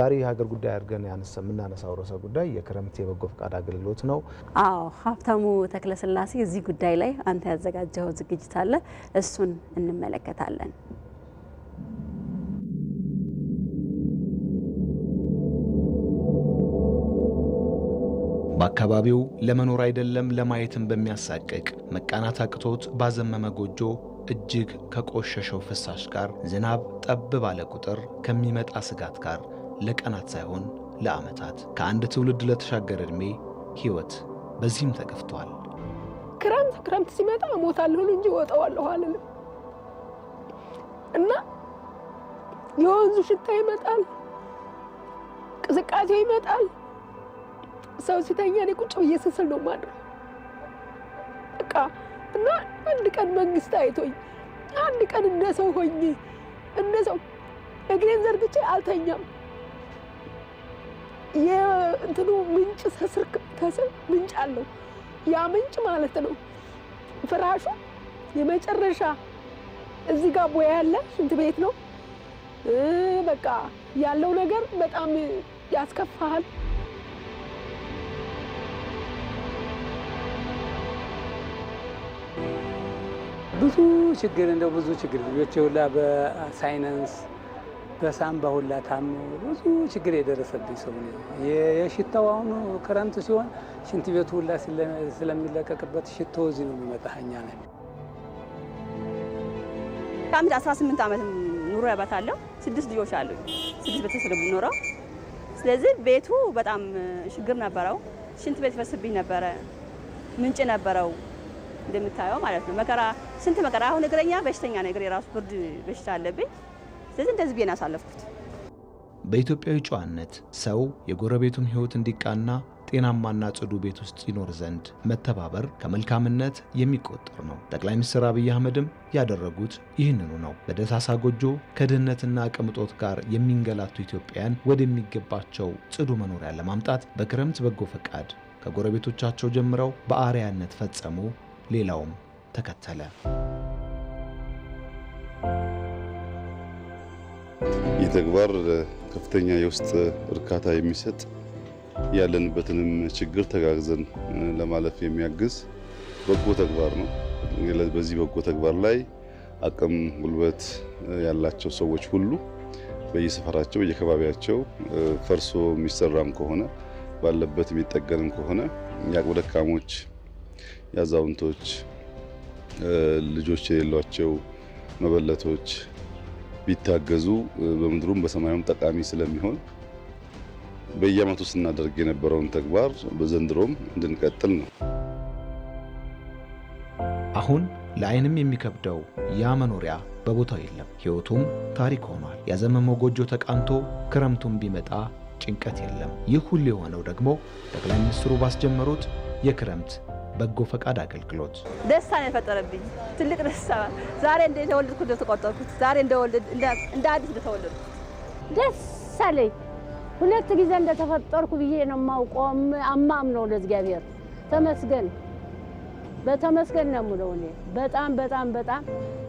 ዛሬ የሀገር ጉዳይ አድርገን ያነሳ የምናነሳው ርዕሰ ጉዳይ የክረምት የበጎ ፈቃድ አገልግሎት ነው። አዎ ሀብታሙ ተክለስላሴ፣ እዚህ ጉዳይ ላይ አንተ ያዘጋጀኸው ዝግጅት አለ፣ እሱን እንመለከታለን። በአካባቢው ለመኖር አይደለም ለማየትም በሚያሳቅቅ መቃናት አቅቶት ባዘመመ ጎጆ እጅግ ከቆሸሸው ፍሳሽ ጋር ዝናብ ጠብ ባለ ቁጥር ከሚመጣ ስጋት ጋር ለቀናት ሳይሆን ለዓመታት ከአንድ ትውልድ ለተሻገረ ዕድሜ ሕይወት በዚህም ተገፍቷል። ክረምት ክረምት ሲመጣ እሞታለሁ እንጂ እወጣዋለሁ አልልም እና የወንዙ ሽታ ይመጣል፣ ቅዝቃዜው ይመጣል። ሰው ሲተኛ እኔ ቁጭ ብዬ ስስል ነው የማድረው በቃ እና አንድ ቀን መንግስት አይቶኝ አንድ ቀን እንደ ሰው ሆኜ እንደ ሰው እግሬን ዘርግቼ አልተኛም። የእንትኑ ምንጭ ስር ከስር ምንጭ አለው። ያ ምንጭ ማለት ነው ፍራሹ የመጨረሻ እዚህ ጋር ቦያ ያለ ሽንት ቤት ነው። በቃ ያለው ነገር በጣም ያስከፋሃል። ብዙ ችግር እንደው ብዙ ችግር ልጆች ሁላ በሳይነንስ በሳምባ ሁላ ታሞ ብዙ ችግር የደረሰብኝ ሰው ነው። የሽታው አሁኑ ክረምት ሲሆን ሽንት ቤቱ ሁላ ስለሚለቀቅበት ሽቶ እዚህ ነው የሚመጣ እኛ ነን። ከአመት 18 ዓመት ኑሮ ያባታለሁ። ስድስት ልጆች አሉ። ስድስት ቤተሰብ የሚኖረው ስለዚህ ቤቱ በጣም ችግር ነበረው። ሽንት ቤት ፈስብኝ ነበረ። ምንጭ ነበረው እንደምታየው ማለት ነው። መከራ ስንት መከራ። አሁን እግረኛ በሽተኛ ነው። እግሬ የራሱ ብርድ በሽታ አለብኝ። ስለዚህ እንደዚህ ብዬ ያሳለፍኩት። በኢትዮጵያዊ ጨዋነት ሰው የጎረቤቱን ህይወት እንዲቃና ጤናማና ጽዱ ቤት ውስጥ ይኖር ዘንድ መተባበር ከመልካምነት የሚቆጠር ነው። ጠቅላይ ሚኒስትር አብይ አህመድም ያደረጉት ይህንኑ ነው። በደሳሳ ጎጆ ከድህነትና አቅም እጦት ጋር የሚንገላቱ ኢትዮጵያውያን ወደሚገባቸው ጽዱ መኖሪያ ለማምጣት በክረምት በጎ ፈቃድ ከጎረቤቶቻቸው ጀምረው በአርያነት ፈጸሙ። ሌላውም ተከተለ። ይህ ተግባር ከፍተኛ የውስጥ እርካታ የሚሰጥ ያለንበትንም ችግር ተጋግዘን ለማለፍ የሚያግዝ በጎ ተግባር ነው። በዚህ በጎ ተግባር ላይ አቅም ጉልበት ያላቸው ሰዎች ሁሉ በየሰፈራቸው በየከባቢያቸው ፈርሶ የሚሰራም ከሆነ ባለበት የሚጠገንም ከሆነ የአቅመ ደካሞች፣ የአዛውንቶች፣ ልጆች የሌሏቸው መበለቶች ቢታገዙ በምድሩም በሰማዩም ጠቃሚ ስለሚሆን በየዓመቱ ስናደርግ የነበረውን ተግባር በዘንድሮም እንድንቀጥል ነው። አሁን ለዓይንም የሚከብደው ያ መኖሪያ በቦታው የለም። ሕይወቱም ታሪክ ሆኗል። ያዘመመው ጎጆ ተቃንቶ ክረምቱን ቢመጣ ጭንቀት የለም። ይህ ሁሉ የሆነው ደግሞ ጠቅላይ ሚኒስትሩ ባስጀመሩት የክረምት በጎ ፈቃድ አገልግሎት ደስታ ነው የፈጠረብኝ። ትልቅ ደስታ ዛሬ እንደ የተወለድኩ እንደተቆጠርኩት ዛሬ እንደ አዲስ እንደተወለድኩት ደስ አለኝ። ሁለት ጊዜ እንደተፈጠርኩ ብዬ ነው የማውቀው። አማም ነው ለእግዚአብሔር ተመስገን በተመስገን ነው የምለው። እኔ በጣም በጣም በጣም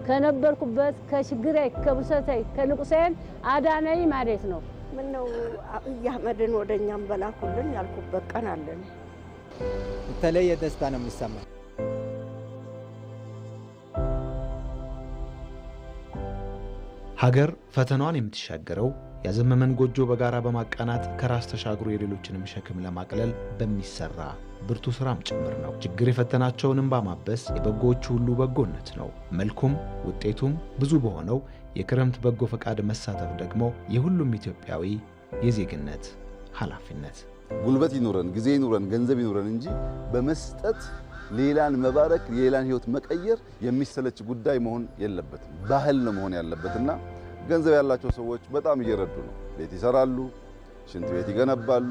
ከነበርኩበት ከችግሬ ከብሰተይ ከንቁሴን አዳነኝ ማለት ነው። ምነው አብይ አህመድን ወደ እኛም በላኩልን ያልኩበት ቀን አለን። የተለየ ደስታ ነው የሚሰማ። ሀገር ፈተናዋን የምትሻገረው ያዘመመን ጎጆ በጋራ በማቃናት ከራስ ተሻግሮ የሌሎችንም ሸክም ለማቅለል በሚሰራ ብርቱ ስራም ጭምር ነው። ችግር የፈተናቸውን እንባ ማበስ የበጎዎቹ ሁሉ በጎነት ነው። መልኩም ውጤቱም ብዙ በሆነው የክረምት በጎ ፈቃድ መሳተፍ ደግሞ የሁሉም ኢትዮጵያዊ የዜግነት ኃላፊነት ጉልበት ይኑረን፣ ጊዜ ይኑረን፣ ገንዘብ ይኑረን እንጂ በመስጠት ሌላን መባረክ የሌላን ህይወት መቀየር የሚሰለች ጉዳይ መሆን የለበትም። ባህል ነው መሆን ያለበትና ገንዘብ ያላቸው ሰዎች በጣም እየረዱ ነው። ቤት ይሰራሉ፣ ሽንት ቤት ይገነባሉ፣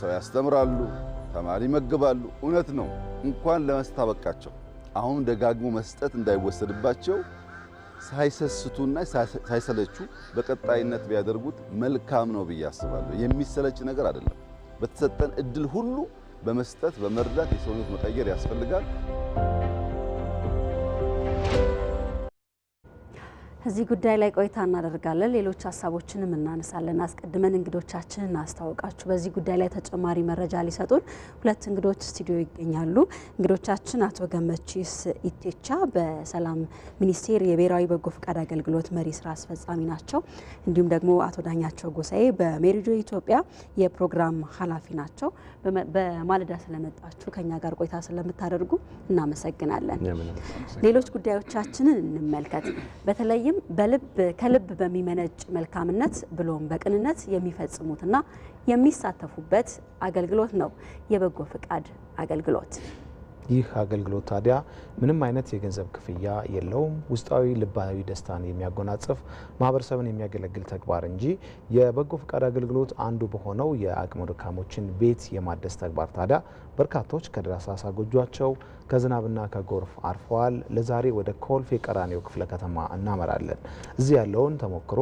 ሰው ያስተምራሉ፣ ተማሪ ይመግባሉ። እውነት ነው። እንኳን ለመስጠት አበቃቸው። አሁን ደጋግሞ መስጠት እንዳይወሰድባቸው ሳይሰስቱና ሳይሰለቹ በቀጣይነት ቢያደርጉት መልካም ነው ብዬ አስባለሁ። የሚሰለች ነገር አይደለም። በተሰጠን እድል ሁሉ በመስጠት በመርዳት የሰውነት መቀየር ያስፈልጋል። እዚህ ጉዳይ ላይ ቆይታ እናደርጋለን። ሌሎች ሀሳቦችንም እናነሳለን። አስቀድመን እንግዶቻችንን እናስታውቃችሁ። በዚህ ጉዳይ ላይ ተጨማሪ መረጃ ሊሰጡን ሁለት እንግዶች ስቱዲዮ ይገኛሉ። እንግዶቻችን አቶ ገመቺስ ኢቴቻ በሰላም ሚኒስቴር የብሔራዊ በጎ ፈቃድ አገልግሎት መሪ ስራ አስፈጻሚ ናቸው። እንዲሁም ደግሞ አቶ ዳኛቸው ጎሳኤ በሜሪጆ ኢትዮጵያ የፕሮግራም ኃላፊ ናቸው። በማለዳ ስለመጣችሁ ከኛ ጋር ቆይታ ስለምታደርጉ እናመሰግናለን። ሌሎች ጉዳዮቻችንን እንመልከት። በተለይም ይህም በልብ ከልብ በሚመነጭ መልካምነት ብሎም በቅንነት የሚፈጽሙትና የሚሳተፉበት አገልግሎት ነው የበጎ ፈቃድ አገልግሎት። ይህ አገልግሎት ታዲያ ምንም አይነት የገንዘብ ክፍያ የለውም። ውስጣዊ ልባዊ ደስታን የሚያጎናጽፍ ማህበረሰብን የሚያገለግል ተግባር እንጂ የበጎ ፈቃድ አገልግሎት አንዱ በሆነው የአቅመ ደካሞችን ቤት የማደስ ተግባር ታዲያ በርካቶች ከደራሳሳ ጎጇቸው ከዝናብና ከጎርፍ አርፈዋል። ለዛሬ ወደ ኮልፌ ቀራኒዮ ክፍለ ከተማ እናመራለን። እዚህ ያለውን ተሞክሮ፣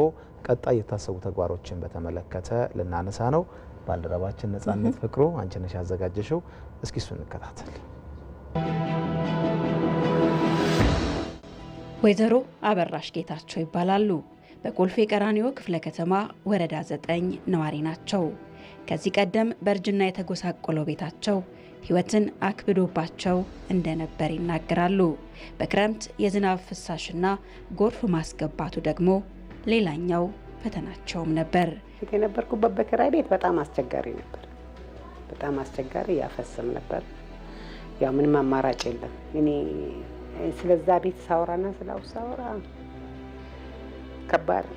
ቀጣይ የታሰቡ ተግባሮችን በተመለከተ ልናነሳ ነው። ባልደረባችን ነጻነት ፍቅሩ አንቺነሽ ያዘጋጀሽው፣ እስኪ እሱ እንከታተል። ወይዘሮ አበራሽ ጌታቸው ይባላሉ። በኮልፌ ቀራኒዮ ክፍለ ከተማ ወረዳ ዘጠኝ ነዋሪ ናቸው። ከዚህ ቀደም በእርጅና የተጎሳቆለው ቤታቸው ሕይወትን አክብዶባቸው እንደነበር ይናገራሉ። በክረምት የዝናብ ፍሳሽና ጎርፍ ማስገባቱ ደግሞ ሌላኛው ፈተናቸውም ነበር። የነበርኩበት በኪራይ ቤት በጣም አስቸጋሪ ነበር። በጣም አስቸጋሪ ያፈስም ነበር ያው ምንም አማራጭ የለም። እኔ ስለዛ ቤት ሳውራና ስላው ሳውራ ከባድ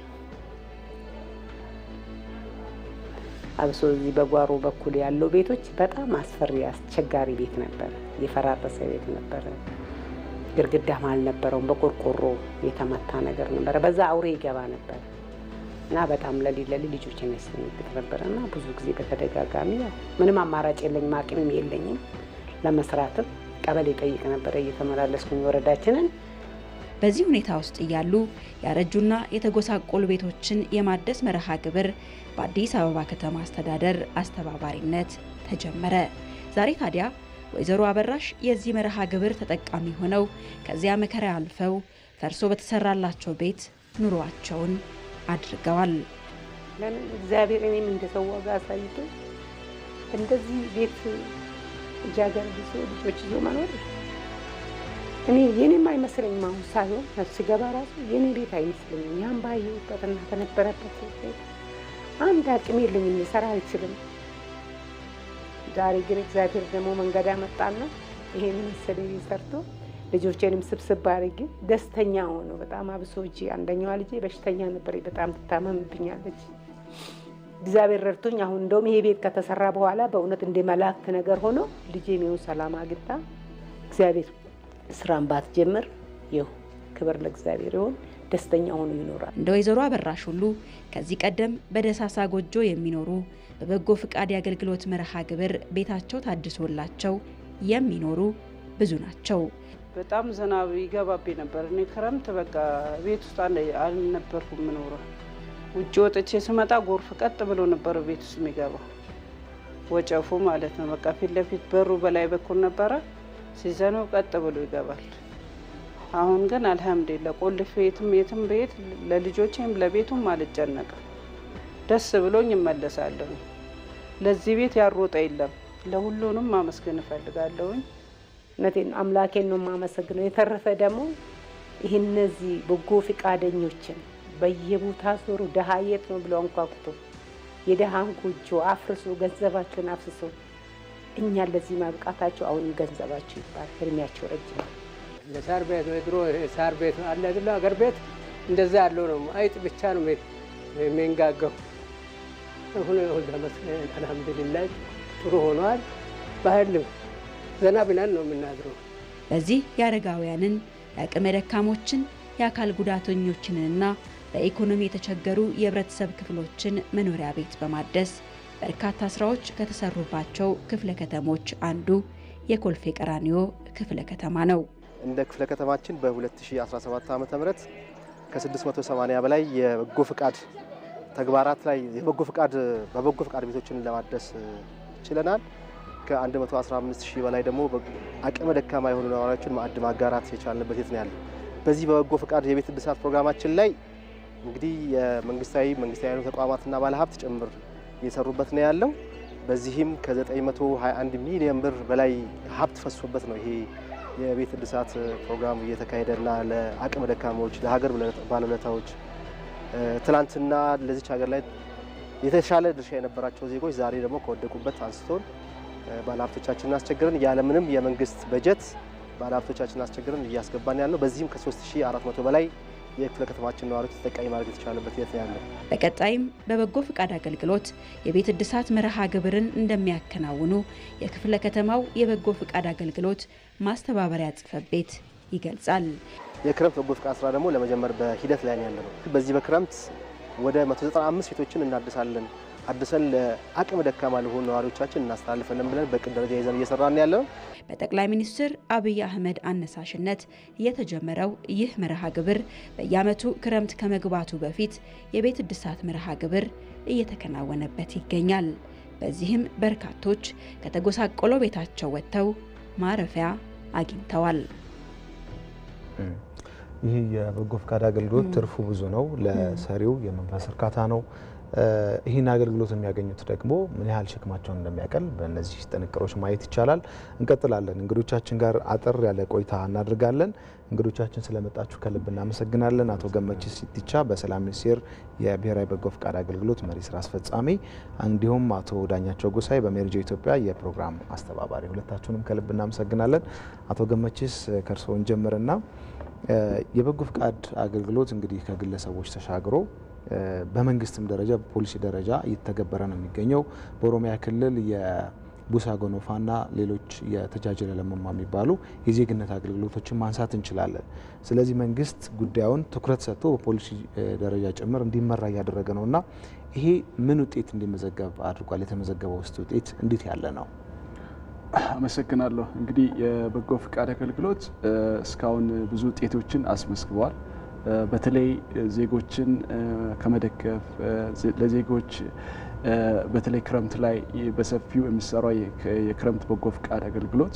አብሶ እዚህ በጓሮ በኩል ያለው ቤቶች በጣም አስፈሪ አስቸጋሪ ቤት ነበር። የፈራረሰ ቤት ነበረ። ግድግዳም አልነበረውም። በቆርቆሮ የተመታ ነገር ነበረ። በዛ አውሬ ይገባ ነበር እና በጣም ለሊት ለሊት ልጆች ያስነግጥ ነበረ እና ብዙ ጊዜ በተደጋጋሚ ምንም አማራጭ የለኝም፣ አቅምም የለኝም ለመስራትም ቀበሌ ጠይቅ ነበር እየተመላለስኩኝ ወረዳችንን። በዚህ ሁኔታ ውስጥ እያሉ ያረጁና የተጎሳቆሉ ቤቶችን የማደስ መርሃ ግብር በአዲስ አበባ ከተማ አስተዳደር አስተባባሪነት ተጀመረ። ዛሬ ታዲያ ወይዘሮ አበራሽ የዚህ መርሃ ግብር ተጠቃሚ ሆነው ከዚያ መከራ አልፈው ፈርሶ በተሰራላቸው ቤት ኑሯቸውን አድርገዋል። ለምን እግዚአብሔር እኔም እንደሰዋጋ አሳይቶ እንደዚህ ቤት ልጃገረድ ይዞ ልጆች ይዞ መኖር እኔ የኔም አይመስለኝም። አሁን ሳይሆን ስገባ ራሱ የኔ ቤት አይመስለኝም። ያን ባየሁበትና ተነበረበት አንድ አቅም የለኝም፣ ልሰራ አልችልም። ዛሬ ግን እግዚአብሔር ደግሞ መንገድ ያመጣና ይሄን ምስል ሰርቶ ልጆቼንም ስብስብ አድርጌ ደስተኛ ሆኖ በጣም አብሶ እጄ አንደኛዋ ልጄ በሽተኛ ነበር፣ በጣም ትታመምብኛለች። እግዚአብሔር ረድቶኝ አሁን እንደውም ይሄ ቤት ከተሰራ በኋላ በእውነት እንደ መላእክት ነገር ሆኖ ልጄ የሚሆን ሰላም አግኝታ እግዚአብሔር ስራን ባትጀምር ይሁ ክብር ለእግዚአብሔር ይሁን። ደስተኛ ሆኖ ይኖራል። እንደ ወይዘሮ አበራሽ ሁሉ ከዚህ ቀደም በደሳሳ ጎጆ የሚኖሩ በበጎ ፍቃድ የአገልግሎት መርሃ ግብር ቤታቸው ታድሶላቸው የሚኖሩ ብዙ ናቸው። በጣም ዝናብ ይገባብኝ ነበር። እኔ ክረምት በቃ ቤት ውስጥ አልነበርኩም ምኖረ ውጭ ወጥቼ ስመጣ ጎርፍ ቀጥ ብሎ ነበረ ቤት ውስጥ የሚገባው ወጨፉ ማለት ነው። በቃ ፊት ለፊት በሩ በላይ በኩል ነበረ ሲዘነው ቀጥ ብሎ ይገባል። አሁን ግን አልሐምዱሊላ ቆልፍ የትም የትም ቤት ለልጆቼም ለቤቱም አልጨነቅም። ደስ ብሎኝ እመለሳለሁ። ለዚህ ቤት ያሮጠ የለም። ለሁሉንም ማመስገን እፈልጋለሁኝ። እውነቴን አምላኬን ነው የማመሰግነው። የተረፈ ደግሞ ይህ እነዚህ በጎ ፈቃደኞችን በየቦታ ዞሩ። ድሃ የት ነው ብለው አንኳኩቶ የድሃን ጎጆ አፍርሶ ገንዘባቸውን አፍስሶ እኛ ለዚህ ማብቃታቸው አሁንም ገንዘባቸው ይባል እድሜያቸው ረጅም ለሳር ቤት ነው። የድሮ ሳር ቤት አለ አይደለ? አገር ቤት እንደዛ ያለው ነው። አይጥ ብቻ ነው ቤት የሚንጋገው። አሁን ተመስገን አልሐምዱሊላህ ጥሩ ሆኗል። ባህልም ዘና ብለን ነው የምናድረው። በዚህ የአረጋውያንን የአቅመ ደካሞችን የአካል ጉዳተኞችንና በኢኮኖሚ የተቸገሩ የህብረተሰብ ክፍሎችን መኖሪያ ቤት በማደስ በርካታ ስራዎች ከተሰሩባቸው ክፍለ ከተሞች አንዱ የኮልፌ ቀራኒዮ ክፍለ ከተማ ነው። እንደ ክፍለ ከተማችን በ2017 ዓ ም ከ680 በላይ የበጎ ፍቃድ ተግባራት ላይ የበጎ ፍቃድ በበጎ ፍቃድ ቤቶችን ለማደስ ችለናል። ከ115 ሺህ በላይ ደግሞ አቅመ ደካማ የሆኑ ነዋሪዎችን ማዕድ ማጋራት የቻልንበት የት ነው ያለው። በዚህ በበጎ ፍቃድ የቤት እድሳት ፕሮግራማችን ላይ እንግዲህ የመንግስታዊ መንግስታዊ ያሉ ተቋማትና ባለሀብት ጭምር እየሰሩበት ነው ያለው። በዚህም ከ921 ሚሊዮን ብር በላይ ሀብት ፈሶበት ነው ይሄ የቤት እድሳት ፕሮግራም እየተካሄደና ለአቅም ደካሞች ለሀገር ባለውለታዎች ትናንትና ለዚች ሀገር ላይ የተሻለ ድርሻ የነበራቸው ዜጎች ዛሬ ደግሞ ከወደቁበት አንስቶን ባለሀብቶቻችንን አስቸግረን ያለምንም የመንግስት በጀት ባለሀብቶቻችን አስቸግረን እያስገባን ያለው በዚህም ከ3400 በላይ የክፍለ ከተማችን ነዋሪዎች ተጠቃሚ ማድረግ የተቻለበት ሂደት ያለ። በቀጣይም በበጎ ፍቃድ አገልግሎት የቤት እድሳት መርሃ ግብርን እንደሚያከናውኑ የክፍለ ከተማው የበጎ ፍቃድ አገልግሎት ማስተባበሪያ ጽሕፈት ቤት ይገልጻል። የክረምት በጎ ፈቃድ ስራ ደግሞ ለመጀመር በሂደት ላይ ነው በዚህ በክረምት ወደ 195 ቤቶችን እናድሳለን። አድሰን ለአቅም ደካማ ለሆኑ ነዋሪዎቻችን እናስተላልፈለን ብለን በቅድ ደረጃ ይዘን እየሰራን ነው። በጠቅላይ ሚኒስትር አብይ አህመድ አነሳሽነት የተጀመረው ይህ መርሃ ግብር በየዓመቱ ክረምት ከመግባቱ በፊት የቤት እድሳት መርሃ ግብር እየተከናወነበት ይገኛል። በዚህም በርካቶች ከተጎሳቆለው ቤታቸው ወጥተው ማረፊያ አግኝተዋል። ይህ የበጎ ፈቃድ አገልግሎት ትርፉ ብዙ ነው። ለሰሪው የመንፈስ እርካታ ነው። ይህን አገልግሎት የሚያገኙት ደግሞ ምን ያህል ሸክማቸውን እንደሚያቀል በእነዚህ ጥንቅሮች ማየት ይቻላል። እንቀጥላለን። እንግዶቻችን ጋር አጠር ያለ ቆይታ እናድርጋለን። እንግዶቻችን ስለመጣችሁ ከልብ እናመሰግናለን። አቶ ገመችስ ሲቲቻ በሰላም ሚኒስቴር የብሔራዊ በጎ ፍቃድ አገልግሎት መሪ ስራ አስፈጻሚ፣ እንዲሁም አቶ ዳኛቸው ጎሳይ በሜርጆ ኢትዮጵያ የፕሮግራም አስተባባሪ፣ ሁለታችሁንም ከልብ እናመሰግናለን። አቶ ገመችስ ከእርስዎ ጀምርና የበጎ ፍቃድ አገልግሎት እንግዲህ ከግለሰቦች ተሻግሮ በመንግስትም ደረጃ በፖሊሲ ደረጃ እየተገበረ ነው የሚገኘው። በኦሮሚያ ክልል የቡሳ ጎኖፋና ሌሎች የተጃጀለ ለመማ የሚባሉ የዜግነት አገልግሎቶችን ማንሳት እንችላለን። ስለዚህ መንግስት ጉዳዩን ትኩረት ሰጥቶ በፖሊሲ ደረጃ ጭምር እንዲመራ እያደረገ ነውና ይሄ ምን ውጤት እንዲመዘገብ አድርጓል? የተመዘገበ ውስጥ ውጤት እንዴት ያለ ነው? አመሰግናለሁ። እንግዲህ የበጎ ፍቃድ አገልግሎት እስካሁን ብዙ ውጤቶችን አስመዝግበዋል። በተለይ ዜጎችን ከመደገፍ ለዜጎች በተለይ ክረምት ላይ በሰፊው የሚሰራው የክረምት በጎ ፍቃድ አገልግሎት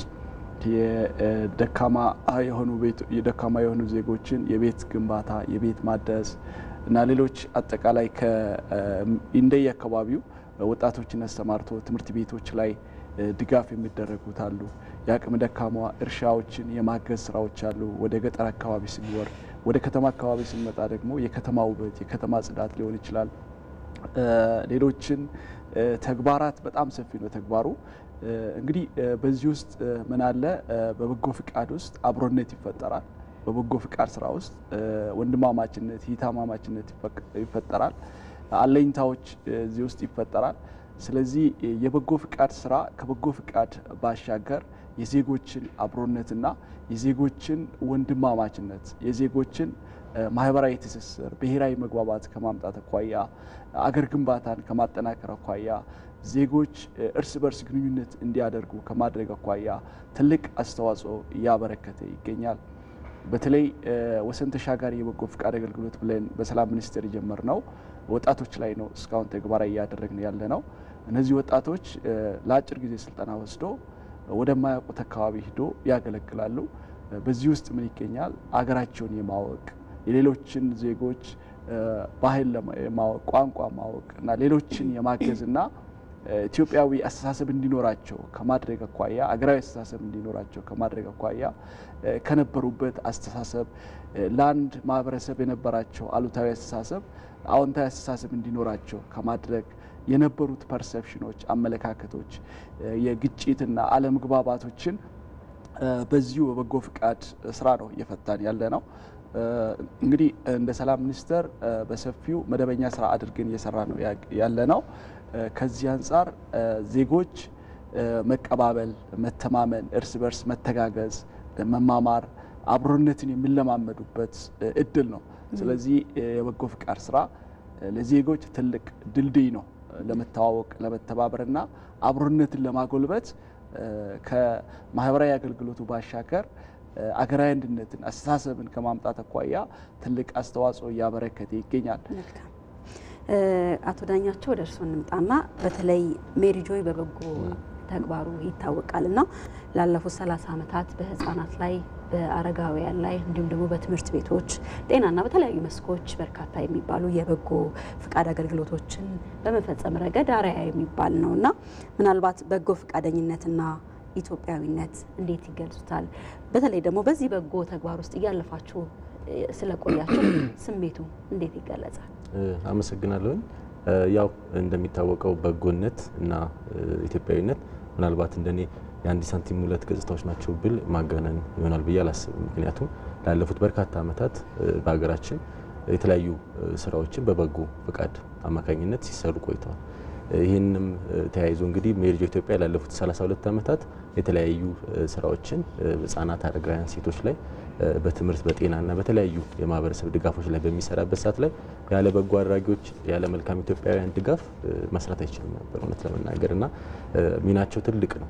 የደካማ የሆኑ ዜጎችን የቤት ግንባታ፣ የቤት ማደስ እና ሌሎች አጠቃላይ እንደየ አካባቢው ወጣቶችን አስተማርቶ ትምህርት ቤቶች ላይ ድጋፍ የሚደረጉት አሉ። የአቅም ደካማ እርሻዎችን የማገዝ ስራዎች አሉ። ወደ ገጠር አካባቢ ስንወርድ፣ ወደ ከተማ አካባቢ ስንመጣ ደግሞ የከተማ ውበት፣ የከተማ ጽዳት ሊሆን ይችላል። ሌሎችን ተግባራት በጣም ሰፊ ነው ተግባሩ። እንግዲህ በዚህ ውስጥ ምን አለ? በበጎ ፍቃድ ውስጥ አብሮነት ይፈጠራል። በበጎ ፍቃድ ስራ ውስጥ ወንድማማችነት፣ ይታማማችነት ይፈጠራል። አለኝታዎች እዚህ ውስጥ ይፈጠራል። ስለዚህ የበጎ ፍቃድ ስራ ከበጎ ፍቃድ ባሻገር የዜጎችን አብሮነትና የዜጎችን ወንድማማችነት የዜጎችን ማህበራዊ ትስስር ብሔራዊ መግባባት ከማምጣት አኳያ አገር ግንባታን ከማጠናከር አኳያ ዜጎች እርስ በርስ ግንኙነት እንዲያደርጉ ከማድረግ አኳያ ትልቅ አስተዋጽኦ እያበረከተ ይገኛል። በተለይ ወሰን ተሻጋሪ የበጎ ፍቃድ አገልግሎት ብለን በሰላም ሚኒስቴር የጀመርነው ወጣቶች ላይ ነው። እስካሁን ተግባራዊ እያደረግን ያለ ነው። እነዚህ ወጣቶች ለአጭር ጊዜ ስልጠና ወስዶ ወደማያውቁት አካባቢ ሂዶ ያገለግላሉ። በዚህ ውስጥ ምን ይገኛል? አገራቸውን የማወቅ የሌሎችን ዜጎች ባህል የማወቅ ቋንቋ ማወቅ እና ሌሎችን የማገዝና ኢትዮጵያዊ አስተሳሰብ እንዲኖራቸው ከማድረግ አኳያ አገራዊ አስተሳሰብ እንዲኖራቸው ከማድረግ አኳያ ከነበሩበት አስተሳሰብ ለአንድ ማህበረሰብ የነበራቸው አሉታዊ አስተሳሰብ አዎንታዊ አስተሳሰብ እንዲኖራቸው ከማድረግ የነበሩት ፐርሰፕሽኖች፣ አመለካከቶች፣ የግጭትና አለመግባባቶችን በዚሁ በበጎ ፍቃድ ስራ ነው እየፈታን ያለ ነው። እንግዲህ እንደ ሰላም ሚኒስቴር በሰፊው መደበኛ ስራ አድርገን እየሰራ ነው ያለ ነው። ከዚህ አንጻር ዜጎች መቀባበል፣ መተማመን፣ እርስ በርስ መተጋገዝ፣ መማማር፣ አብሮነትን የሚለማመዱበት እድል ነው። ስለዚህ የበጎ ፍቃድ ስራ ለዜጎች ትልቅ ድልድይ ነው። ለመተዋወቅ ለመተባበርና አብሮነትን ለማጎልበት ከማህበራዊ አገልግሎቱ ባሻገር አገራዊ አንድነትን አስተሳሰብን ከማምጣት አኳያ ትልቅ አስተዋጽኦ እያበረከተ ይገኛል። አቶ ዳኛቸው ወደ እርስዎ እንምጣና በተለይ ሜሪጆይ በበጎ ተግባሩ ይታወቃልና ላለፉት ሰላሳ ዓመታት በህፃናት ላይ በአረጋውያን ላይ እንዲሁም ደግሞ በትምህርት ቤቶች፣ ጤናና በተለያዩ መስኮች በርካታ የሚባሉ የበጎ ፍቃድ አገልግሎቶችን በመፈጸም ረገድ አርአያ የሚባል ነው እና ምናልባት በጎ ፍቃደኝነትና ኢትዮጵያዊነት እንዴት ይገልጹታል? በተለይ ደግሞ በዚህ በጎ ተግባር ውስጥ እያለፋችሁ ስለቆያችሁ ስሜቱ እንዴት ይገለጻል? አመሰግናለሁኝ። ያው እንደሚታወቀው በጎነት እና ኢትዮጵያዊነት ምናልባት እንደኔ የአንድ ሳንቲም ሁለት ገጽታዎች ናቸው ብል ማጋነን ይሆናል ብዬ አላስብም። ምክንያቱም ላለፉት በርካታ ዓመታት በሀገራችን የተለያዩ ስራዎችን በበጎ ፈቃድ አማካኝነት ሲሰሩ ቆይተዋል። ይህንም ተያይዞ እንግዲህ ሜሪጆ ኢትዮጵያ ላለፉት 32 ዓመታት የተለያዩ ስራዎችን ህጻናት፣ አረጋውያን፣ ሴቶች ላይ በትምህርት በጤናና በተለያዩ የማህበረሰብ ድጋፎች ላይ በሚሰራበት ሰዓት ላይ ያለ በጎ አድራጊዎች ያለ መልካም ኢትዮጵያውያን ድጋፍ መስራት አይችልም ነበር እውነት ለመናገር እና ሚናቸው ትልቅ ነው።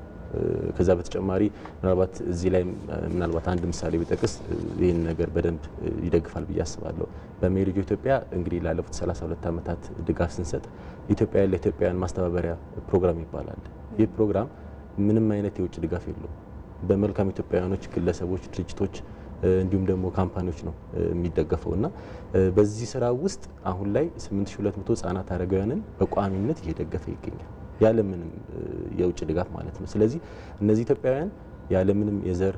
ከዛ በተጨማሪ ምናልባት እዚህ ላይ ምናልባት አንድ ምሳሌ ቢጠቅስ ይህን ነገር በደንብ ይደግፋል ብዬ አስባለሁ። በሜሪጆ ኢትዮጵያ እንግዲህ ላለፉት 32 ዓመታት ድጋፍ ስንሰጥ ኢትዮጵያ ለኢትዮጵያን ማስተባበሪያ ፕሮግራም ይባላል። ይህ ፕሮግራም ምንም አይነት የውጭ ድጋፍ የለውም። በመልካም ኢትዮጵያውያኖች፣ ግለሰቦች፣ ድርጅቶች እንዲሁም ደግሞ ካምፓኒዎች ነው የሚደገፈው እና በዚህ ስራ ውስጥ አሁን ላይ 8200 ህጻናት አረጋውያንን በቋሚነት እየደገፈ ይገኛል። ያለምንም የውጭ ድጋፍ ማለት ነው። ስለዚህ እነዚህ ኢትዮጵያውያን ያለምንም የዘር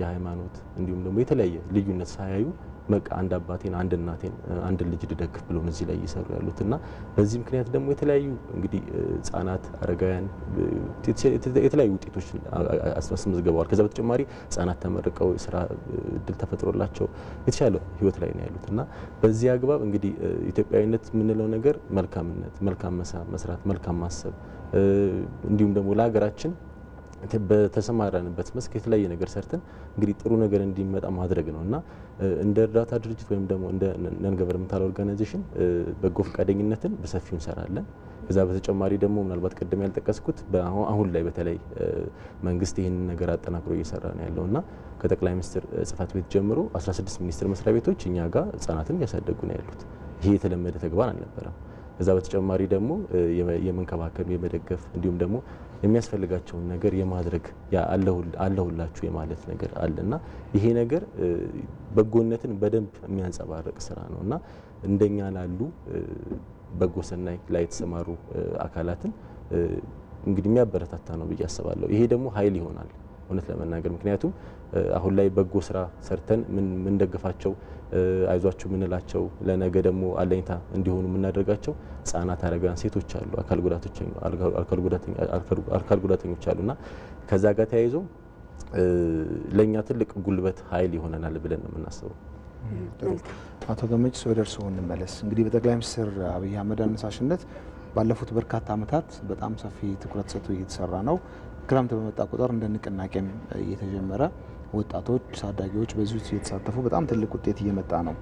የሃይማኖት እንዲሁም ደግሞ የተለያየ ልዩነት ሳያዩ በቃ አንድ አባቴን አንድ እናቴን አንድ ልጅ ልደግፍ ብሎ እዚህ ላይ እየሰሩ ያሉት እና በዚህ ምክንያት ደግሞ የተለያዩ እንግዲህ ህጻናት፣ አረጋውያን የተለያዩ ውጤቶች አስመዝግበዋል። ከዛ በተጨማሪ ህጻናት ተመርቀው የስራ እድል ተፈጥሮላቸው የተሻለ ህይወት ላይ ነው ያሉት እና በዚህ አግባብ እንግዲህ ኢትዮጵያዊነት የምንለው ነገር መልካምነት፣ መልካም መስራት፣ መልካም ማሰብ እንዲሁም ደግሞ ለሀገራችን በተሰማራንበት መስክ የተለያየ ነገር ሰርተን እንግዲህ ጥሩ ነገር እንዲመጣ ማድረግ ነው እና እንደ እርዳታ ድርጅት ወይም ደግሞ እንደ ነን ገቨርንመንታል ኦርጋናይዜሽን በጎ ፈቃደኝነትን በሰፊው እንሰራለን። ከዛ በተጨማሪ ደግሞ ምናልባት ቀደም ያልጠቀስኩት አሁን ላይ በተለይ መንግስት ይህንን ነገር አጠናክሮ እየሰራ ነው ያለው እና ከጠቅላይ ሚኒስትር ጽህፈት ቤት ጀምሮ 16 ሚኒስትር መስሪያ ቤቶች እኛ ጋር ህጻናትን እያሳደጉ ነው ያሉት። ይሄ የተለመደ ተግባር አልነበረም። ከዛ በተጨማሪ ደግሞ የመንከባከብ የመደገፍ እንዲሁም ደግሞ የሚያስፈልጋቸውን ነገር የማድረግ አለሁላችሁ የማለት ነገር አለ እና ይሄ ነገር በጎነትን በደንብ የሚያንጸባርቅ ስራ ነው እና እንደኛ ላሉ በጎ ሰናይ ላይ የተሰማሩ አካላትን እንግዲህ የሚያበረታታ ነው ብዬ አስባለሁ። ይሄ ደግሞ ኃይል ይሆናል። እውነት ለመናገር ምክንያቱም አሁን ላይ በጎ ስራ ሰርተን ምንደግፋቸው አይዟችሁ ምንላቸው ለነገ ደግሞ አለኝታ እንዲሆኑ የምናደርጋቸው ህጻናት፣ አረጋውያን፣ ሴቶች አሉ፣ አካል ጉዳተኞች አሉ እና ከዛ ጋር ተያይዞ ለእኛ ትልቅ ጉልበት ኃይል ይሆነናል ብለን ነው የምናስበው። አቶ ገመጭስ ወደ እርስዎ እንመለስ። እንግዲህ በጠቅላይ ሚኒስትር አብይ አህመድ አነሳሽነት ባለፉት በርካታ ዓመታት በጣም ሰፊ ትኩረት ሰጥቶ እየተሰራ ነው። ክረምት በመጣ ቁጥር እንደ ንቅናቄም እየተጀመረ ወጣቶች፣ ታዳጊዎች በዚህ ውስጥ እየተሳተፉ በጣም ትልቅ ውጤት እየመጣ ነው።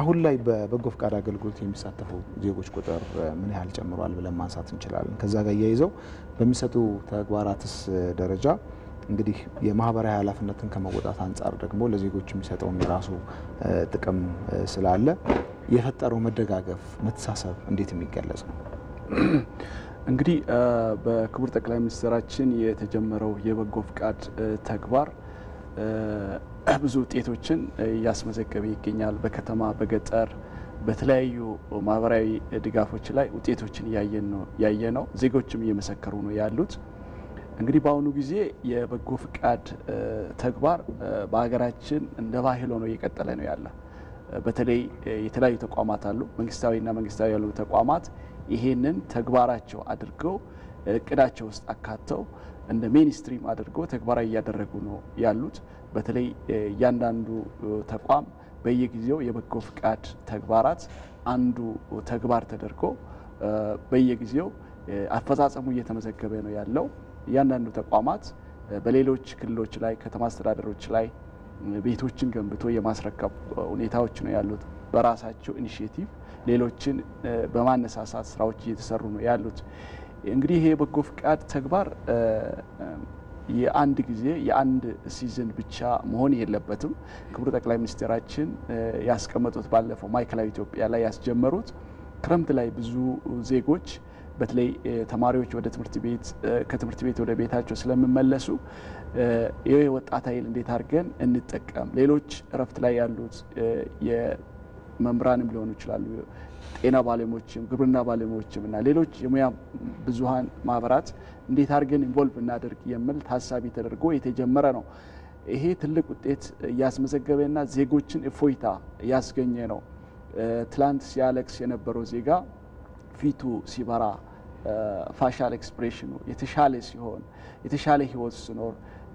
አሁን ላይ በበጎ ፈቃድ አገልግሎት የሚሳተፉ ዜጎች ቁጥር ምን ያህል ጨምሯል ብለን ማንሳት እንችላለን? ከዛ ጋር እያይዘው በሚሰጡ ተግባራትስ ደረጃ እንግዲህ የማህበራዊ ኃላፊነትን ከመወጣት አንጻር ደግሞ ለዜጎች የሚሰጠውም የራሱ ጥቅም ስላለ የፈጠረው መደጋገፍ፣ መተሳሰብ እንዴት የሚገለጽ ነው? እንግዲህ በክቡር ጠቅላይ ሚኒስትራችን የተጀመረው የበጎ ፍቃድ ተግባር ብዙ ውጤቶችን እያስመዘገበ ይገኛል። በከተማ በገጠር በተለያዩ ማህበራዊ ድጋፎች ላይ ውጤቶችን ያየ ነው። ዜጎችም እየመሰከሩ ነው ያሉት። እንግዲህ በአሁኑ ጊዜ የበጎ ፍቃድ ተግባር በሀገራችን እንደ ባህል ሆኖ እየቀጠለ ነው ያለ። በተለይ የተለያዩ ተቋማት አሉ፣ መንግስታዊና መንግስታዊ ያሉ ተቋማት ይሄንን ተግባራቸው አድርገው እቅዳቸው ውስጥ አካተው እንደ ሜንስትሪም አድርገው ተግባራዊ እያደረጉ ነው ያሉት። በተለይ እያንዳንዱ ተቋም በየጊዜው የበጎ ፍቃድ ተግባራት አንዱ ተግባር ተደርጎ በየጊዜው አፈጻጸሙ እየተመዘገበ ነው ያለው። እያንዳንዱ ተቋማት በሌሎች ክልሎች ላይ ከተማ አስተዳደሮች ላይ ቤቶችን ገንብቶ የማስረከብ ሁኔታዎች ነው ያሉት። በራሳቸው ኢኒሽቲቭ ሌሎችን በማነሳሳት ስራዎች እየተሰሩ ነው ያሉት። እንግዲህ ይሄ በጎ ፍቃድ ተግባር የአንድ ጊዜ የአንድ ሲዝን ብቻ መሆን የለበትም። ክቡር ጠቅላይ ሚኒስትራችን ያስቀመጡት ባለፈው ማዕከላዊ ኢትዮጵያ ላይ ያስጀመሩት ክረምት ላይ ብዙ ዜጎች በተለይ ተማሪዎች ወደ ትምህርት ቤት ከትምህርት ቤት ወደ ቤታቸው ስለሚመለሱ ይህ ወጣት ኃይል እንዴት አድርገን እንጠቀም፣ ሌሎች እረፍት ላይ ያሉት የመምህራንም ሊሆኑ ይችላሉ፣ ጤና ባለሙያዎችም፣ ግብርና ባለሙያዎችም እና ሌሎች የሙያ ብዙሀን ማህበራት እንዴት አድርገን ኢንቮልቭ እናደርግ የሚል ታሳቢ ተደርጎ የተጀመረ ነው። ይሄ ትልቅ ውጤት እያስመዘገበና ዜጎችን እፎይታ እያስገኘ ነው። ትላንት ሲያለቅስ የነበረው ዜጋ ፊቱ ሲበራ ፋሻል ኤክስፕሬሽኑ የተሻለ ሲሆን የተሻለ ህይወት ሲኖር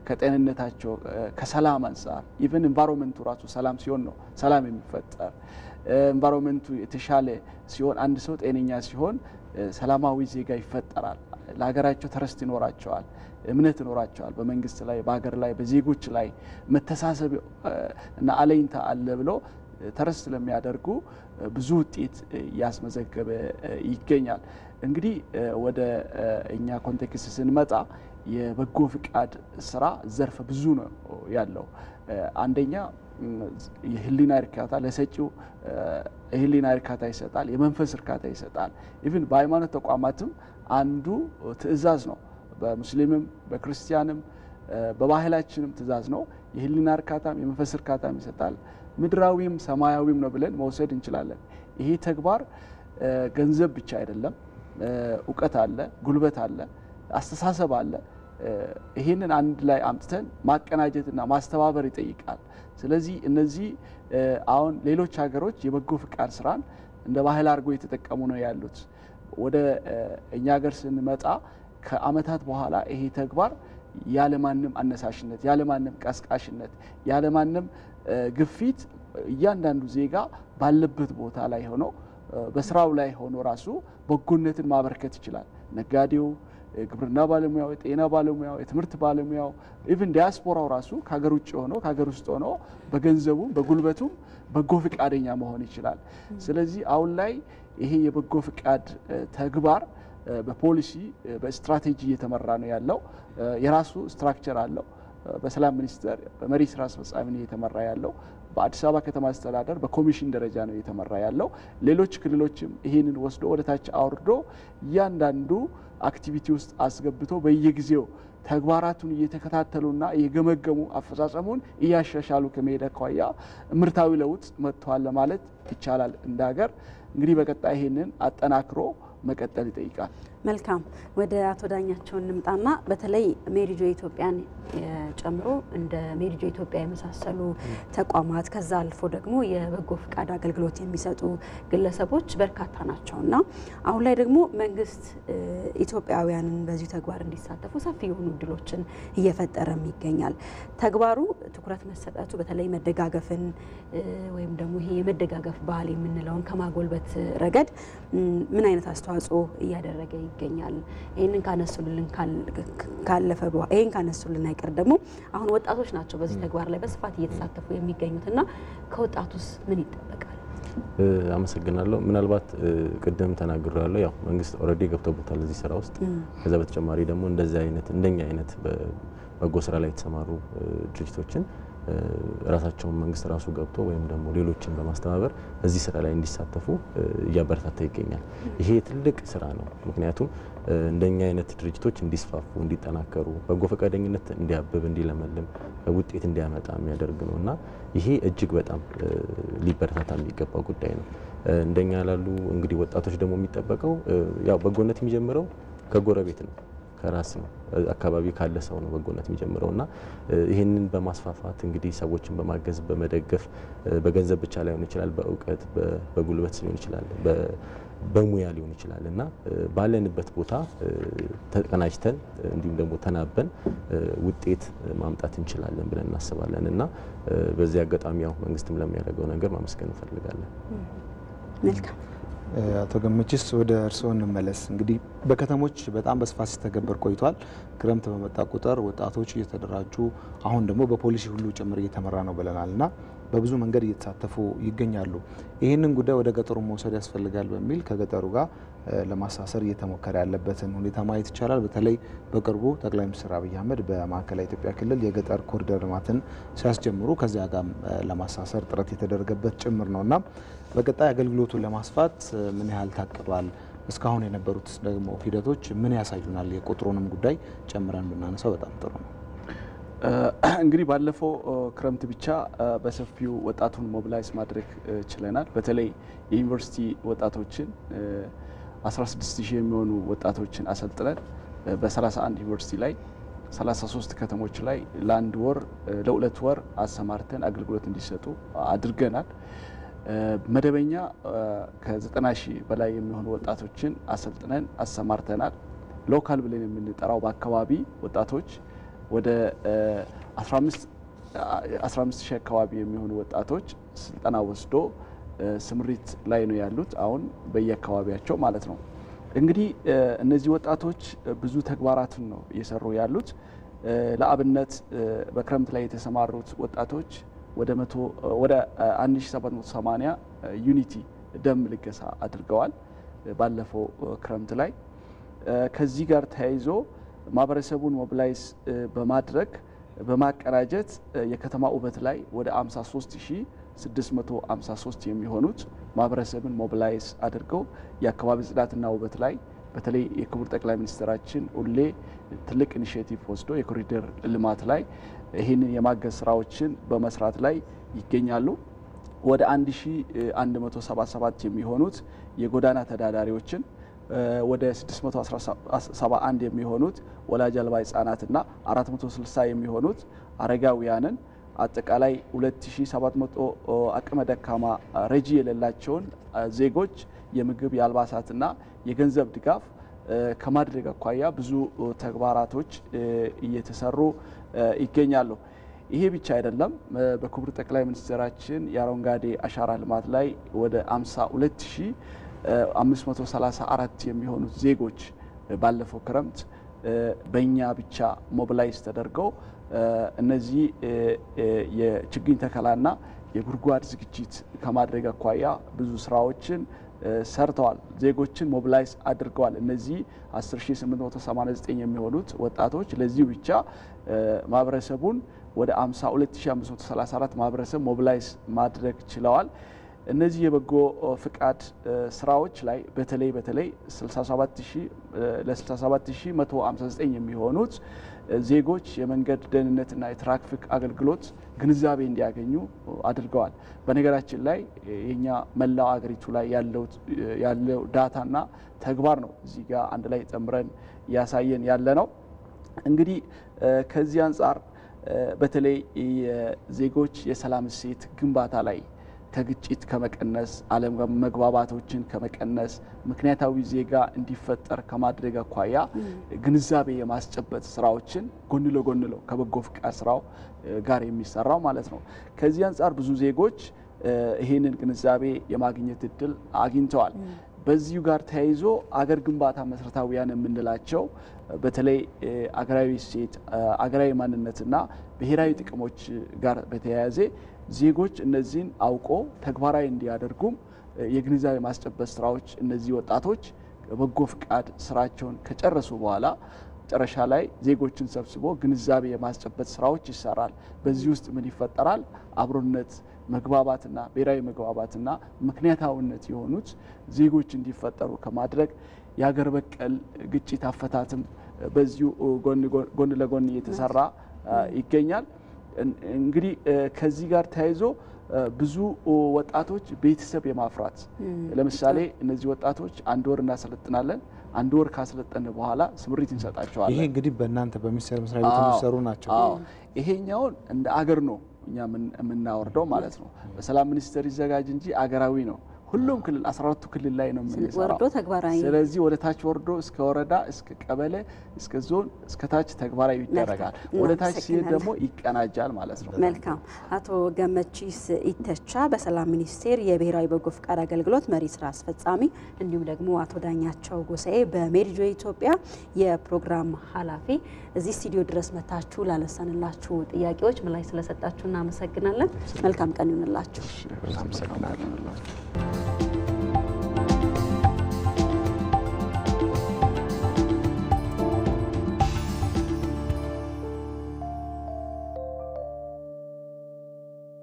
ከጤንነታቸው ከሰላም አንጻር ኢቨን ኤንቫይሮንመንቱ ራሱ ሰላም ሲሆን ነው ሰላም የሚፈጠር። ኤንቫይሮንመንቱ የተሻለ ሲሆን አንድ ሰው ጤነኛ ሲሆን ሰላማዊ ዜጋ ይፈጠራል። ለሀገራቸው ተረስት ይኖራቸዋል፣ እምነት ይኖራቸዋል። በመንግስት ላይ፣ በሀገር ላይ፣ በዜጎች ላይ መተሳሰብ እና አለኝታ አለ ብሎ ተረስት ስለሚያደርጉ ብዙ ውጤት እያስመዘገበ ይገኛል። እንግዲህ ወደ እኛ ኮንቴክስት ስንመጣ የበጎ ፍቃድ ስራ ዘርፈ ብዙ ነው ያለው። አንደኛ የህሊና እርካታ ለሰጪው የህሊና እርካታ ይሰጣል፣ የመንፈስ እርካታ ይሰጣል። ኢቭን በሃይማኖት ተቋማትም አንዱ ትዕዛዝ ነው። በሙስሊምም በክርስቲያንም በባህላችንም ትዕዛዝ ነው። የህሊና እርካታም የመንፈስ እርካታም ይሰጣል። ምድራዊም ሰማያዊም ነው ብለን መውሰድ እንችላለን። ይሄ ተግባር ገንዘብ ብቻ አይደለም። እውቀት አለ፣ ጉልበት አለ፣ አስተሳሰብ አለ። ይህንን አንድ ላይ አምጥተን ማቀናጀትና ማስተባበር ይጠይቃል። ስለዚህ እነዚህ አሁን ሌሎች ሀገሮች የበጎ ፍቃድ ስራን እንደ ባህል አድርጎ የተጠቀሙ ነው ያሉት። ወደ እኛ ሀገር ስንመጣ ከአመታት በኋላ ይሄ ተግባር ያለማንም አነሳሽነት፣ ያለማንም ቀስቃሽነት፣ ያለማንም ግፊት እያንዳንዱ ዜጋ ባለበት ቦታ ላይ ሆኖ በስራው ላይ ሆኖ ራሱ በጎነትን ማበርከት ይችላል። ነጋዴው፣ የግብርና ባለሙያው፣ የጤና ባለሙያው፣ የትምህርት ባለሙያው ኢቭን ዲያስፖራው ራሱ ከሀገር ውጭ ሆኖ ከሀገር ውስጥ ሆኖ በገንዘቡም በጉልበቱም በጎ ፍቃደኛ መሆን ይችላል። ስለዚህ አሁን ላይ ይሄ የበጎ ፍቃድ ተግባር በፖሊሲ በስትራቴጂ እየተመራ ነው ያለው። የራሱ ስትራክቸር አለው። በሰላም ሚኒስቴር በመሪ ስራ አስፈጻሚ እየተመራ ያለው። በአዲስ አበባ ከተማ አስተዳደር በኮሚሽን ደረጃ ነው እየተመራ ያለው። ሌሎች ክልሎችም ይህንን ወስዶ ወደ ታች አውርዶ እያንዳንዱ አክቲቪቲ ውስጥ አስገብቶ በየጊዜው ተግባራቱን እየተከታተሉና እየገመገሙ አፈጻጸሙን እያሻሻሉ ከመሄድ አኳያ ምርታዊ ለውጥ መጥተዋል ለማለት ይቻላል። እንደ ሀገር እንግዲህ በቀጣይ ይህንን አጠናክሮ መቀጠል ይጠይቃል። መልካም ወደ አቶ ዳኛቸው እንምጣና በተለይ ሜሪጆ ኢትዮጵያን ጨምሮ እንደ ሜሪጆ ኢትዮጵያ የመሳሰሉ ተቋማት ከዛ አልፎ ደግሞ የበጎ ፍቃድ አገልግሎት የሚሰጡ ግለሰቦች በርካታ ናቸው እና አሁን ላይ ደግሞ መንግስት ኢትዮጵያውያንን በዚሁ ተግባር እንዲሳተፉ ሰፊ የሆኑ እድሎችን እየፈጠረም ይገኛል። ተግባሩ ትኩረት መሰጠቱ በተለይ መደጋገፍን ወይም ደግሞ ይሄ የመደጋገፍ ባህል የምንለውን ከማጎልበት ረገድ ምን አይነት አስተዋጽኦ እያደረገ ይገኛል። ይህንን ካነሱልን ካለፈ ይህን ካነሱልን አይቀር ደግሞ አሁን ወጣቶች ናቸው በዚህ ተግባር ላይ በስፋት እየተሳተፉ የሚገኙት እና ከወጣቱስ ምን ይጠበቃል? አመሰግናለሁ። ምናልባት ቅድም ተናግሮ ያለው ያው መንግስት ኦልሬዲ ገብቶበታል እዚህ ስራ ውስጥ። ከዛ በተጨማሪ ደግሞ እንደዚህ አይነት እንደኛ አይነት በጎ ስራ ላይ የተሰማሩ ድርጅቶችን ራሳቸውን መንግስት ራሱ ገብቶ ወይም ደግሞ ሌሎችን በማስተባበር እዚህ ስራ ላይ እንዲሳተፉ እያበረታታ ይገኛል። ይሄ ትልቅ ስራ ነው። ምክንያቱም እንደኛ አይነት ድርጅቶች እንዲስፋፉ፣ እንዲጠናከሩ፣ በጎ ፈቃደኝነት እንዲያብብ፣ እንዲለመልም፣ ውጤት እንዲያመጣ የሚያደርግ ነው እና ይሄ እጅግ በጣም ሊበረታታ የሚገባ ጉዳይ ነው። እንደኛ ላሉ እንግዲህ ወጣቶች ደግሞ የሚጠበቀው ያው በጎነት የሚጀምረው ከጎረቤት ነው። ከራስ ነው አካባቢ ካለ ሰው ነው በጎነት የሚጀምረው እና ይህንን በማስፋፋት እንግዲህ ሰዎችን በማገዝ በመደገፍ በገንዘብ ብቻ ላይሆን ይችላል፣ በእውቀት በጉልበት ሊሆን ይችላል፣ በሙያ ሊሆን ይችላል እና ባለንበት ቦታ ተቀናጅተን እንዲሁም ደግሞ ተናበን ውጤት ማምጣት እንችላለን ብለን እናስባለን እና በዚህ አጋጣሚ ያው መንግስትም ለሚያደርገው ነገር ማመስገን እንፈልጋለን። መልካም አቶ ገመችስ ወደ እርስዎ እንመለስ። እንግዲህ በከተሞች በጣም በስፋት ሲተገበር ቆይቷል። ክረምት በመጣ ቁጥር ወጣቶች እየተደራጁ አሁን ደግሞ በፖሊሲ ሁሉ ጭምር እየተመራ ነው ብለናል እና በብዙ መንገድ እየተሳተፉ ይገኛሉ። ይህንን ጉዳይ ወደ ገጠሩ መውሰድ ያስፈልጋል በሚል ከገጠሩ ጋር ለማሳሰር እየተሞከረ ያለበትን ሁኔታ ማየት ይቻላል። በተለይ በቅርቡ ጠቅላይ ሚኒስትር አብይ አህመድ በማዕከላዊ ኢትዮጵያ ክልል የገጠር ኮሪደር ልማትን ሲያስጀምሩ ከዚያ ጋር ለማሳሰር ጥረት የተደረገበት ጭምር ነው እና በቀጣይ አገልግሎቱን ለማስፋት ምን ያህል ታቅዷል? እስካሁን የነበሩት ደግሞ ሂደቶች ምን ያሳዩናል? የቁጥሩንም ጉዳይ ጨምረን ብናነሳው በጣም ጥሩ ነው። እንግዲህ ባለፈው ክረምት ብቻ በሰፊው ወጣቱን ሞብላይዝ ማድረግ ችለናል። በተለይ የዩኒቨርሲቲ ወጣቶችን 16 የሚሆኑ ወጣቶችን አሰልጥነን በ31 ዩኒቨርሲቲ ላይ 33 ከተሞች ላይ ለአንድ ወር ለሁለት ወር አሰማርተን አገልግሎት እንዲሰጡ አድርገናል። መደበኛ ከዘጠና ሺህ በላይ የሚሆኑ ወጣቶችን አሰልጥነን አሰማርተናል። ሎካል ብለን የምንጠራው በአካባቢ ወጣቶች ወደ 15 ሺህ አካባቢ የሚሆኑ ወጣቶች ስልጠና ወስዶ ስምሪት ላይ ነው ያሉት፣ አሁን በየአካባቢያቸው ማለት ነው። እንግዲህ እነዚህ ወጣቶች ብዙ ተግባራትን ነው እየሰሩ ያሉት። ለአብነት በክረምት ላይ የተሰማሩት ወጣቶች ወደ 1780 ዩኒቲ ደም ልገሳ አድርገዋል ባለፈው ክረምት ላይ። ከዚህ ጋር ተያይዞ ማህበረሰቡን ሞቢላይዝ በማድረግ በማቀናጀት የከተማ ውበት ላይ ወደ 53653 የሚሆኑት ማህበረሰብን ሞቢላይዝ አድርገው የአካባቢ ጽዳትና ውበት ላይ በተለይ የክቡር ጠቅላይ ሚኒስትራችን ሁሌ ትልቅ ኢኒሽቲቭ ወስዶ የኮሪደር ልማት ላይ ይህንን የማገዝ ስራዎችን በመስራት ላይ ይገኛሉ። ወደ 1177 የሚሆኑት የጎዳና ተዳዳሪዎችን ወደ 671 የሚሆኑት ወላጅ አልባ ህጻናትና 460 የሚሆኑት አረጋውያንን አጠቃላይ 2700 አቅመ ደካማ ረጂ የሌላቸውን ዜጎች የምግብ የአልባሳትና የገንዘብ ድጋፍ ከማድረግ አኳያ ብዙ ተግባራቶች እየተሰሩ ይገኛሉ። ይሄ ብቻ አይደለም። በክቡር ጠቅላይ ሚኒስትራችን የአረንጓዴ አሻራ ልማት ላይ ወደ 52534 የሚሆኑት ዜጎች ባለፈው ክረምት በእኛ ብቻ ሞብላይዝ ተደርገው እነዚህ የችግኝ ተከላና የጉድጓድ ዝግጅት ከማድረግ አኳያ ብዙ ስራዎችን ሰርተዋል። ዜጎችን ሞቢላይዝ አድርገዋል። እነዚህ 10889 የሚሆኑት ወጣቶች ለዚህ ብቻ ማህበረሰቡን ወደ 52534 ማህበረሰብ ሞቢላይዝ ማድረግ ችለዋል። እነዚህ የበጎ ፍቃድ ስራዎች ላይ በተለይ በተለይ ለ67159 የሚሆኑት ዜጎች የመንገድ ደህንነትና የትራፊክ አገልግሎት ግንዛቤ እንዲያገኙ አድርገዋል። በነገራችን ላይ የኛ መላው አገሪቱ ላይ ያለው ዳታና ተግባር ነው እዚህ ጋር አንድ ላይ ጠምረን እያሳየን ያለ ነው። እንግዲህ ከዚህ አንጻር በተለይ የዜጎች የሰላም እሴት ግንባታ ላይ ከግጭት ከመቀነስ መግባባቶችን ከመቀነስ ምክንያታዊ ዜጋ እንዲፈጠር ከማድረግ አኳያ ግንዛቤ የማስጨበጥ ስራዎችን ጎን ለጎን ከበጎ ፍቃድ ስራው ጋር የሚሰራው ማለት ነው። ከዚህ አንጻር ብዙ ዜጎች ይህንን ግንዛቤ የማግኘት እድል አግኝተዋል። በዚሁ ጋር ተያይዞ አገር ግንባታ መሰረታዊያን የምንላቸው በተለይ አገራዊ እሴት፣ አገራዊ ማንነትና ብሔራዊ ጥቅሞች ጋር በተያያዘ ዜጎች እነዚህን አውቆ ተግባራዊ እንዲያደርጉም የግንዛቤ ማስጨበጥ ስራዎች እነዚህ ወጣቶች በጎ ፍቃድ ስራቸውን ከጨረሱ በኋላ መጨረሻ ላይ ዜጎችን ሰብስቦ ግንዛቤ የማስጨበጥ ስራዎች ይሰራል። በዚህ ውስጥ ምን ይፈጠራል? አብሮነት፣ መግባባትና ብሔራዊ መግባባትና ምክንያታዊነት የሆኑት ዜጎች እንዲፈጠሩ ከማድረግ የሀገር በቀል ግጭት አፈታትም በዚሁ ጎን ለጎን እየተሰራ ይገኛል። እንግዲህ ከዚህ ጋር ተያይዞ ብዙ ወጣቶች ቤተሰብ የማፍራት ለምሳሌ እነዚህ ወጣቶች አንድ ወር እናሰለጥናለን። አንድ ወር ካሰለጠን በኋላ ስምሪት እንሰጣቸዋለን። ይሄ እንግዲህ በእናንተ በሚኒስቴር መስሪያ ቤት የሚሰሩ ናቸው። ይሄኛውን እንደ አገር ነው እኛ የምናወርደው ማለት ነው። በሰላም ሚኒስቴር ይዘጋጅ እንጂ አገራዊ ነው። ሁሉም ክልል 14ቱ ክልል ላይ ነው የምንሰራው። ስለዚህ ወደ ታች ወርዶ እስከ ወረዳ እስከ ቀበሌ እስከ ዞን እስከ ታች ተግባራዊ ይደረጋል። ወደ ታች ሲሄድ ደግሞ ይቀናጃል ማለት ነው። መልካም። አቶ ገመቺስ ኢተቻ በሰላም ሚኒስቴር የብሔራዊ በጎ ፍቃድ አገልግሎት መሪ ስራ አስፈጻሚ፣ እንዲሁም ደግሞ አቶ ዳኛቸው ጎሳኤ በሜድጆ ኢትዮጵያ የፕሮግራም ኃላፊ እዚህ ስቱዲዮ ድረስ መታችሁ ላነሳንላችሁ ጥያቄዎች ምላሽ ስለሰጣችሁ እናመሰግናለን። መልካም ቀን ይሁንላችሁ።